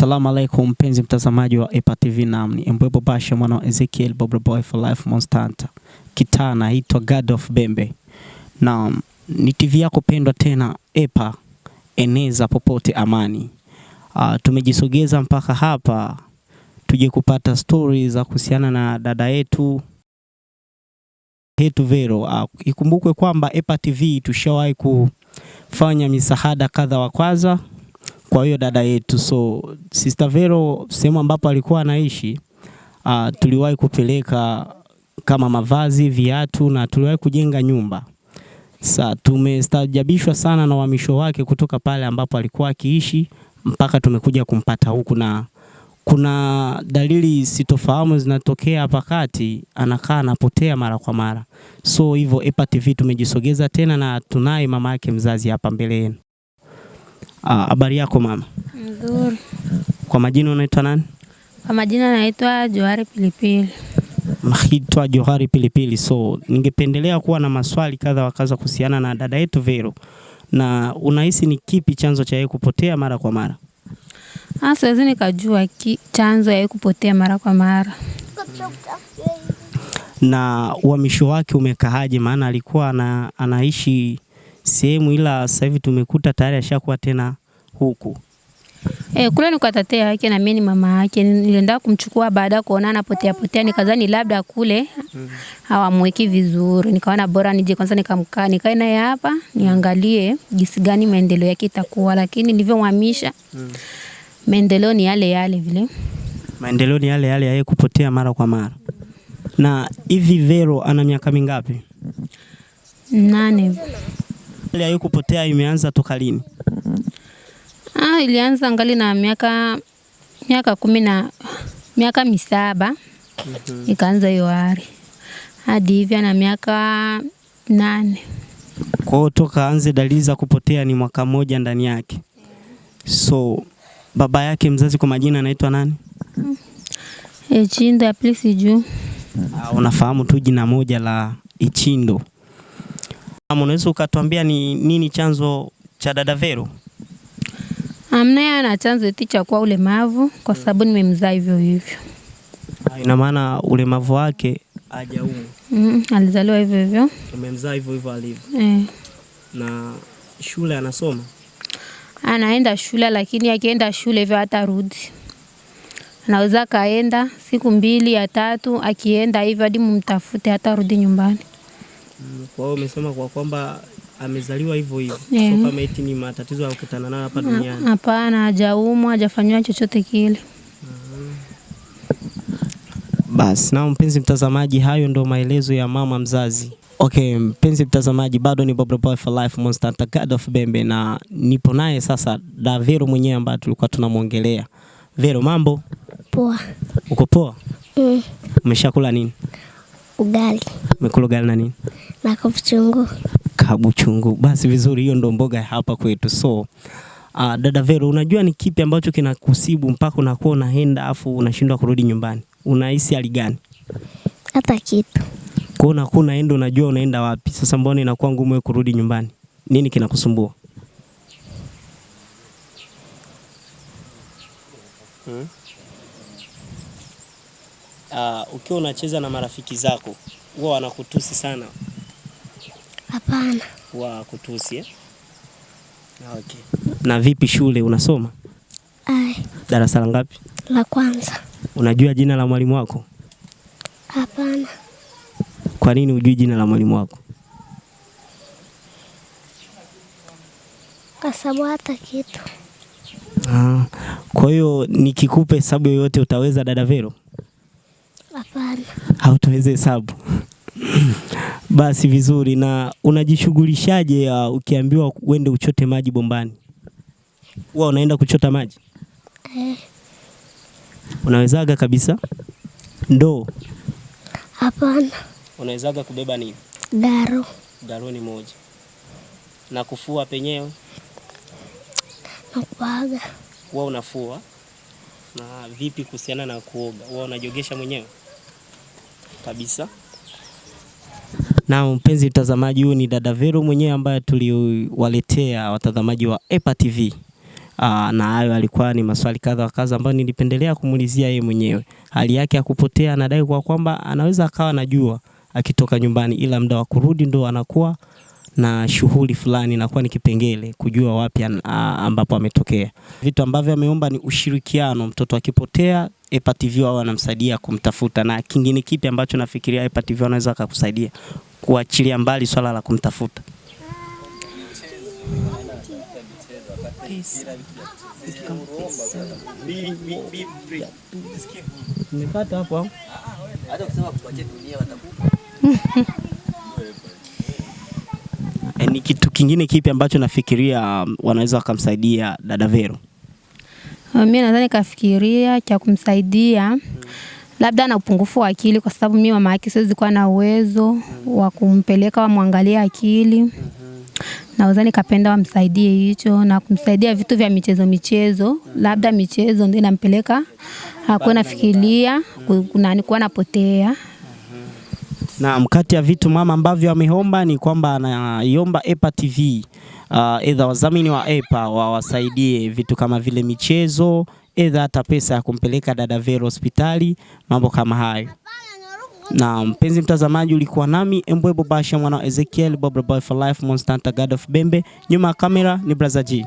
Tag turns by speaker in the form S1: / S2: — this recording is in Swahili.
S1: Salamu alaikum mpenzi mtazamaji wa EPA TV namni Mbwebo Basha mwana wa Ezekiel Bobra Boy for Life Monstanta. Kitana hitwa God of Bembe. Naam, ni TV yako pendwa tena EPA, eneza popote amani. Uh, tumejisogeza mpaka hapa tuje kupata stori za kuhusiana na dada yetu Hetu Vero. Uh, ikumbukwe kwamba EPA TV tushawahi kufanya misahada kadha wa kwaza kwa hiyo dada yetu, so Sister Vero sehemu ambapo alikuwa anaishi uh, tuliwahi kupeleka kama mavazi, viatu na tuliwahi kujenga nyumba. Sa tumestajabishwa sana na uhamisho wake kutoka pale ambapo alikuwa akiishi mpaka tumekuja kumpata huku, na kuna dalili sitofahamu zinatokea hapa kati, anakaa anapotea mara kwa mara. So hivyo EPA TV tumejisogeza tena na tunaye mama yake mzazi hapa mbele yenu. Ah, habari yako mama?
S2: Nzuri.
S1: Kwa majina unaitwa nani?
S2: Kwa majina naitwa Johari Pilipili.
S1: Naitwa Johari Pilipili. So ningependelea kuwa na maswali kadha wa kadha kuhusiana na dada yetu Vero, na unahisi ni kipi chanzo cha yeye kupotea mara kwa mara?
S2: Ah, siwezi nikajua chanzo yeye kupotea mara kwa mara
S1: na uhamisho wake umekaaje? Maana alikuwa ana, anaishi sehemu, ila sasa hivi tumekuta tayari ashakuwa tena huku
S2: Eh, kule nikatatea yake na mimi ni mama yake. Nilienda kumchukua baada ya kuona anapotea potea, nikadhani labda kule hawamweki vizuri. Nikaona bora nije kwanza nikamkaa, nikae naye hapa niangalie jinsi gani maendeleo yake itakuwa, lakini nilivyomhamisha maendeleo ni yale yale vile.
S1: Maendeleo ni yale yale yeye kupotea mara kwa mara. Na hivi Vero ana miaka mingapi?
S2: Nane.
S1: Hali ya kupotea imeanza toka lini?
S2: Ah, ilianza ngali na miaka miaka kumi na miaka misaba mm -hmm. Ikaanza hiyo hali hadi hivyo na miaka nane.
S1: Kwa hiyo toka anze dalili za kupotea ni mwaka mmoja ndani yake. So baba yake mzazi kwa majina anaitwa nani? Hmm.
S2: Echindo eh, Aplis juu.
S1: Ah, unafahamu tu jina moja la ichindo Unaweza ukatuambia ni nini chanzo cha dada Veru?
S2: Amna na chanzo eti cha kuwa ulemavu kwa sababu nimemzaa hivyo hivyo.
S1: Ah, ina maana ulemavu wake
S3: hajaumu.
S2: Mm, alizaliwa hivyo hivyo.
S3: Umemzaa hivyo hivyo alivyo. Eh. Na shule anasoma?
S2: Anaenda shule lakini akienda shule hivyo hata rudi Anaweza kaenda siku mbili ya tatu, akienda hivyo hadi mumtafute rudi nyumbani.
S3: Kwa hiyo umesema kwa kwamba amezaliwa hivyo hivyo, yeah. So kama eti ni matatizo kukutana nayo hapa duniani?
S2: Hapana, hajaumwa, hajafanywa chochote kile. Mm-hmm.
S1: Basi na mpenzi mtazamaji, hayo ndo maelezo ya mama mzazi. Okay, mpenzi mtazamaji, bado ni Bob the Boy for Life, Monster the God of Bembe, na nipo naye sasa da Vero mwenyewe ambaye tulikuwa tunamwongelea. Vero, mambo poa? Uko poa? Mm. Umeshakula nini? ugali. Umekula ugali na nini?
S4: Na kabuchungu.
S1: Kabuchungu. Basi vizuri, hiyo ndo mboga hapa kwetu. So uh, dada Vero, unajua ni kipi ambacho kinakusibu mpaka unakuwa unaenda afu unashindwa kurudi nyumbani? Unahisi hali gani?
S4: Hata kitu.
S1: Kwa unakuwa unaenda unajua unaenda wapi. Sasa mbona inakuwa ngumu wewe kurudi nyumbani? Nini kinakusumbua?
S3: Hmm? uh, ukiwa unacheza na marafiki zako huwa wanakutusi sana? Hapana, wa kutusi eh?
S1: Ah, okay. Mm. Na vipi shule unasoma? Ai. Darasa la ngapi?
S4: La kwanza.
S1: Unajua jina la mwalimu wako?
S4: Hapana.
S1: Kwa nini hujui jina la mwalimu wako?
S4: Kwa sababu hata kitu.
S1: Ah, kwa hiyo nikikupa hesabu yoyote utaweza dada Vero? Hapana, hautaweza hesabu basi vizuri. Na unajishughulishaje uh, ukiambiwa uende uchote maji bombani, huwa unaenda kuchota maji eh? Unawezaga kabisa ndoo?
S4: Hapana.
S3: Unawezaga kubeba nini? Daro. Daro ni moja. Na kufua penyewe
S4: na kuoga,
S3: huwa unafua? Na vipi kuhusiana na kuoga, huwa unajogesha mwenyewe? kabisa.
S1: Na mpenzi mtazamaji, huyu ni dada Vero mwenyewe ambaye tuliwaletea watazamaji wa EPA TV. Aa, ah, na hayo alikuwa ni maswali kadha wa kadha ambayo nilipendelea kumulizia yeye mwenyewe. Hali yake ya kupotea, anadai kwa kwamba anaweza akawa anajua akitoka nyumbani, ila muda wa kurudi ndo anakuwa na shughuli fulani, inakuwa ni kipengele kujua wapi ambapo ametokea. Vitu ambavyo ameomba ni ushirikiano, mtoto akipotea Eppa TV wao wanamsaidia kumtafuta, na kingine kipi ambacho nafikiria Eppa TV wanaweza akakusaidia kuachilia mbali swala la kumtafuta E, ni kitu kingine kipi ambacho nafikiria um, wanaweza wakamsaidia dada Vero?
S2: Ah, mi nadhani kafikiria cha kumsaidia Labda na upungufu wa akili, kwa sababu mi mama yake siwezi kuwa na uwezo wa kumpeleka wamwangalia akili Naweza nikapenda wamsaidie hicho na kumsaidia vitu vya michezo michezo, labda michezo ndio inampeleka hakuwa ah, nafikiria kunani kuwa napotea
S1: Naam, kati ya vitu mama ambavyo ameomba ni kwamba anaiomba EPA TV aidha ah, uh, wadhamini wa EPA wawasaidie vitu kama vile michezo, aidha hata pesa ya kumpeleka dada Vero hospitali, mambo kama hayo. Na mpenzi mtazamaji, ulikuwa nami Embwebo Basha mwana wa Ezekiel Bob Boy for Life, Monstanta God of Bembe. Nyuma ya kamera ni Brother G.